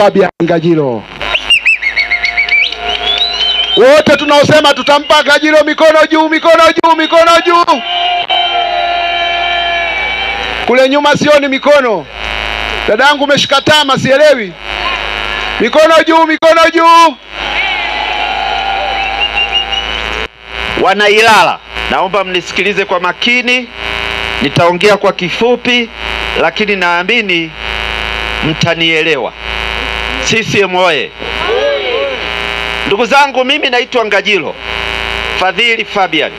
Fabian Ngajilo. Wote tunaosema tutampa Ngajilo mikono juu, mikono juu, mikono juu. Kule nyuma sioni mikono. Dadangu umeshika tama, sielewi. Mikono juu, mikono juu. wanailala naomba mnisikilize kwa makini. Nitaongea kwa kifupi, lakini naamini mtanielewa. CCM oye! Ndugu zangu, mimi naitwa Ngajilo Fadhili Fabian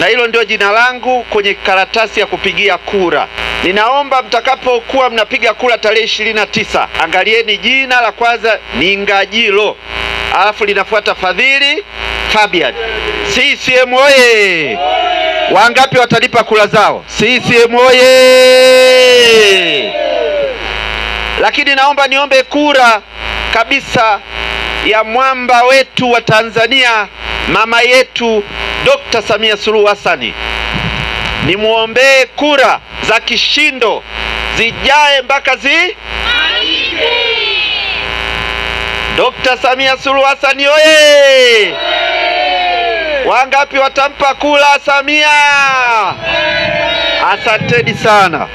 na hilo ndio jina langu kwenye karatasi ya kupigia kura. Ninaomba mtakapokuwa mnapiga kura tarehe ishirini na tisa, angalieni jina la kwanza ni Ngajilo, alafu linafuata Fadhili Fabian. CCM oye! Wangapi watalipa kura zao? CCM oye! Lakini naomba niombe kura kabisa ya mwamba wetu wa Tanzania, mama yetu Dr. Samia Suluhu Hassani. Nimwombee kura za kishindo zijae mpaka zi Dr. Samia Suluhu Hassani oye! Wangapi watampa kula Samia? Asanteni sana.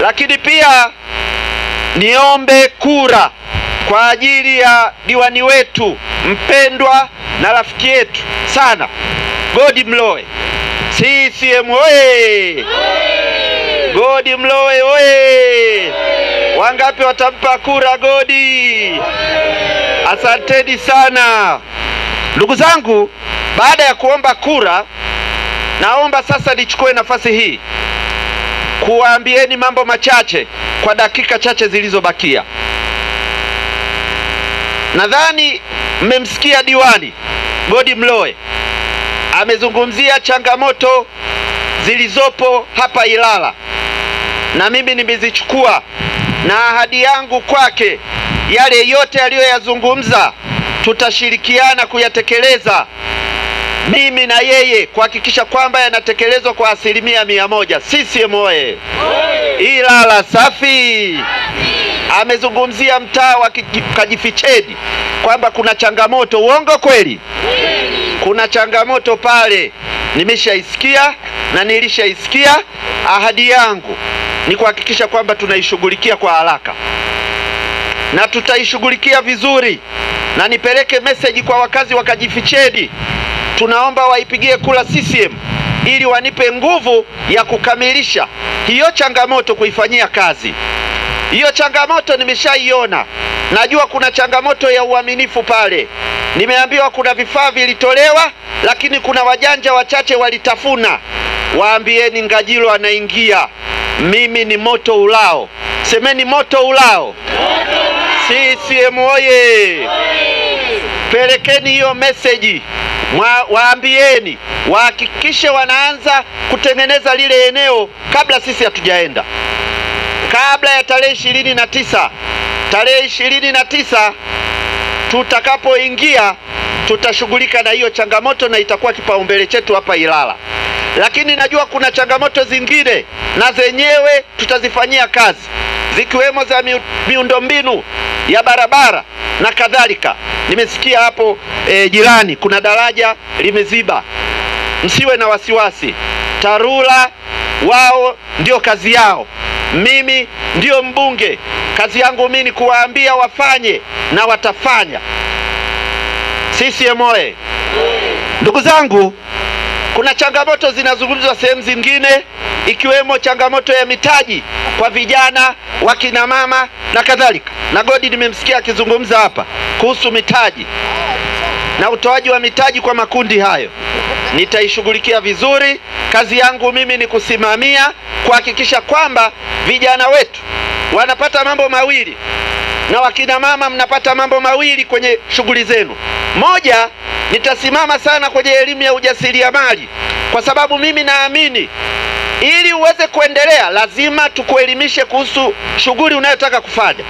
Lakini pia niombe kura kwa ajili ya diwani wetu mpendwa na rafiki yetu sana Godi Mloe. CCM oye! Godi Mloe oye! Wangapi watampa kura Godi? Asanteni sana ndugu zangu. Baada ya kuomba kura, naomba sasa nichukue nafasi hii kuwaambieni mambo machache kwa dakika chache zilizobakia. Nadhani mmemsikia diwani Godi Mloe amezungumzia changamoto zilizopo hapa Ilala, na mimi nimezichukua na ahadi yangu kwake, yale yote aliyoyazungumza tutashirikiana kuyatekeleza mimi na yeye kuhakikisha kwamba yanatekelezwa kwa asilimia mia moja. CCM oye! Ilala safi! Amezungumzia mtaa wa Kajifichedi kwamba kuna changamoto. Uongo kweli? Kuna changamoto pale, nimeshaisikia na nilishaisikia. Ahadi yangu ni kuhakikisha kwamba tunaishughulikia kwa haraka na tutaishughulikia vizuri, na nipeleke meseji kwa wakazi wa Kajifichedi tunaomba waipigie kura CCM ili wanipe nguvu ya kukamilisha hiyo changamoto, kuifanyia kazi hiyo changamoto. Nimeshaiona, najua kuna changamoto ya uaminifu pale. Nimeambiwa kuna vifaa vilitolewa, lakini kuna wajanja wachache walitafuna. Waambieni Ngajilo anaingia, mimi ni moto ulao. Semeni moto ulao! CCM oye! Pelekeni hiyo meseji Mwa, waambieni wahakikishe wanaanza kutengeneza lile eneo kabla sisi hatujaenda, kabla ya tarehe ishirini na tisa. Tarehe ishirini na tisa tutakapoingia tutashughulika na hiyo changamoto na itakuwa kipaumbele chetu hapa Ilala, lakini najua kuna changamoto zingine na zenyewe tutazifanyia kazi zikiwemo za miundombinu ya barabara na kadhalika. Nimesikia hapo e, jirani kuna daraja limeziba. Msiwe na wasiwasi, TARURA wao ndio kazi yao. Mimi ndio mbunge, kazi yangu mimi ni kuwaambia wafanye na watafanya. CCM oye! Eh. Ndugu zangu, kuna changamoto zinazungumzwa sehemu zingine, ikiwemo changamoto ya mitaji kwa vijana, kina mama na kadhalika. Na Godi nimemsikia akizungumza hapa kuhusu mitaji na utoaji wa mitaji kwa makundi hayo, nitaishughulikia vizuri. Kazi yangu mimi ni kusimamia kuhakikisha kwamba vijana wetu wanapata mambo mawili na wakina mama mnapata mambo mawili kwenye shughuli zenu. Moja, nitasimama sana kwenye elimu ya ujasiriamali, kwa sababu mimi naamini ili uweze kuendelea, lazima tukuelimishe kuhusu shughuli unayotaka kufanya.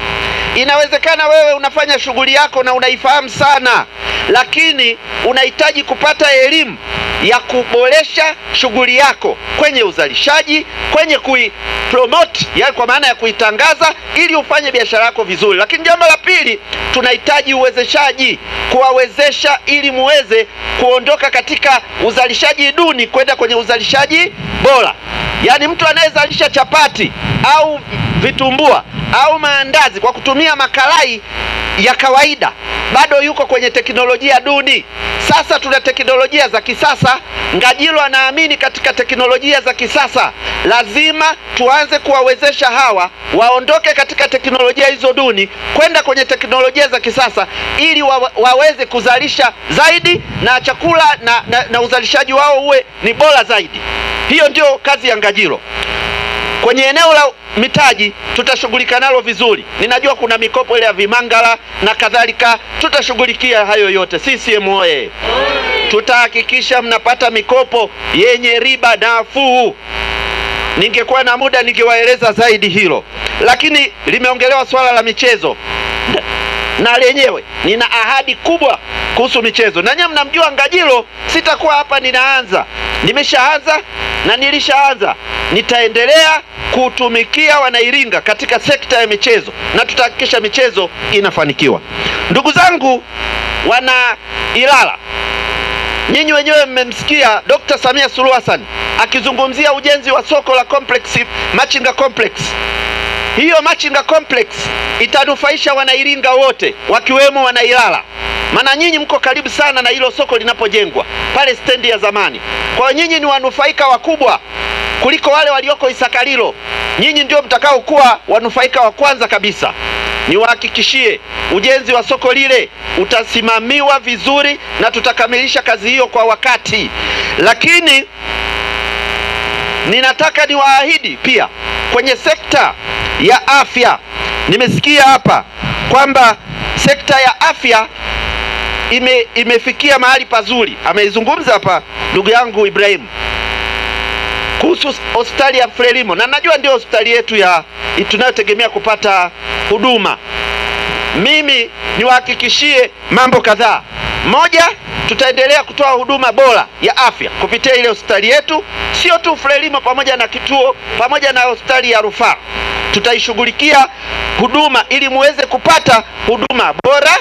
Inawezekana wewe unafanya shughuli yako na unaifahamu sana, lakini unahitaji kupata elimu ya kuboresha shughuli yako kwenye uzalishaji, kwenye kuipromote, yani kwa maana ya kuitangaza, ili ufanye biashara yako vizuri. Lakini jambo la pili, tunahitaji uwezeshaji, kuwawezesha ili muweze kuondoka katika uzalishaji duni kwenda kwenye uzalishaji bora. Yaani mtu anayezalisha chapati au vitumbua au maandazi kwa kutumia makalai ya kawaida bado yuko kwenye teknolojia duni. Sasa tuna teknolojia za kisasa. Ngajilo anaamini katika teknolojia za kisasa, lazima tuanze kuwawezesha hawa waondoke katika teknolojia hizo duni kwenda kwenye teknolojia za kisasa ili wa, waweze kuzalisha zaidi na chakula na, na, na uzalishaji wao uwe ni bora zaidi. Hiyo ndio kazi ya Ngajilo. Kwenye eneo la mitaji tutashughulika nalo vizuri. Ninajua kuna mikopo ile ya vimangala na kadhalika, tutashughulikia hayo yote. CCM oye! Tutahakikisha mnapata mikopo yenye riba nafuu. Ningekuwa na muda ningewaeleza zaidi hilo, lakini limeongelewa swala la michezo na lenyewe nina ahadi kubwa kuhusu michezo, na nyinyi mnamjua Ngajilo, sitakuwa hapa ninaanza, nimeshaanza na nilishaanza, nitaendelea kutumikia Wanairinga katika sekta ya michezo na tutahakikisha michezo inafanikiwa. Ndugu zangu wana Ilala, nyinyi wenyewe mmemsikia Dr. Samia Suluhu Hassan akizungumzia ujenzi wa soko la complex, Machinga Complex. Hiyo Machinga Complex itanufaisha Wanairinga wote wakiwemo Wanailala maana nyinyi mko karibu sana na hilo soko linapojengwa pale stendi ya zamani. Kwa nyinyi ni wanufaika wakubwa kuliko wale walioko Isakalilo. Nyinyi ndio mtakaokuwa wanufaika wa kwanza kabisa. Niwahakikishie, ujenzi wa soko lile utasimamiwa vizuri na tutakamilisha kazi hiyo kwa wakati, lakini ninataka niwaahidi pia kwenye sekta ya afya. Nimesikia hapa kwamba sekta ya afya ime, imefikia mahali pazuri. Ameizungumza hapa ndugu yangu Ibrahim kuhusu hospitali ya Frelimo, na najua ndio hospitali yetu ya tunayotegemea kupata huduma. Mimi niwahakikishie mambo kadhaa. Moja, tutaendelea kutoa huduma bora ya afya kupitia ile hospitali yetu, sio tu Frelimo, pamoja na kituo pamoja na hospitali ya rufaa. Tutaishughulikia huduma ili muweze kupata huduma bora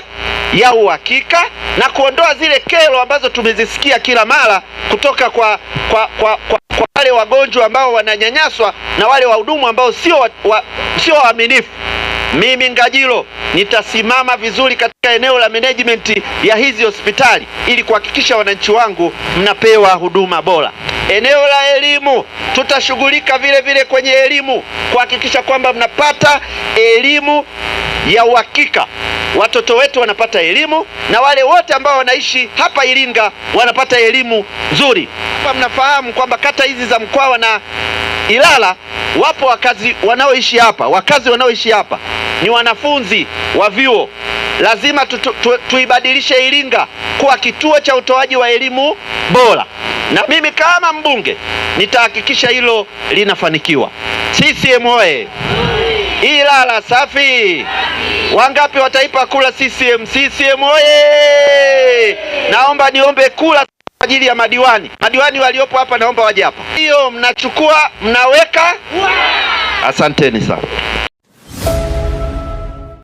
ya uhakika na kuondoa zile kero ambazo tumezisikia kila mara kutoka kwa, kwa, kwa, kwa, kwa wale wagonjwa ambao wananyanyaswa na wale wahudumu ambao sio waaminifu wa, mimi Ngajilo nitasimama vizuri katika eneo la management ya hizi hospitali ili kuhakikisha wananchi wangu mnapewa huduma bora. Eneo la elimu tutashughulika vile vile kwenye elimu kuhakikisha kwamba mnapata elimu ya uhakika, watoto wetu wanapata elimu na wale wote ambao wanaishi hapa Iringa wanapata elimu nzuri. Hapa mnafahamu kwamba kata hizi za Mkwawa na Ilala wapo wakazi wanaoishi hapa, wakazi wanaoishi hapa ni wanafunzi wa vyuo. Lazima tu, tu, tu, tuibadilishe Iringa kuwa kituo cha utoaji wa elimu bora, na mimi kama mbunge nitahakikisha hilo linafanikiwa. CCM oye! Ilala safi! Wangapi wataipa kula CCM? CCM oye! Naomba niombe kula ajili ya madiwani. Madiwani waliopo hapa, naomba waje hapa. Hiyo mnachukua mnaweka. Asanteni sana.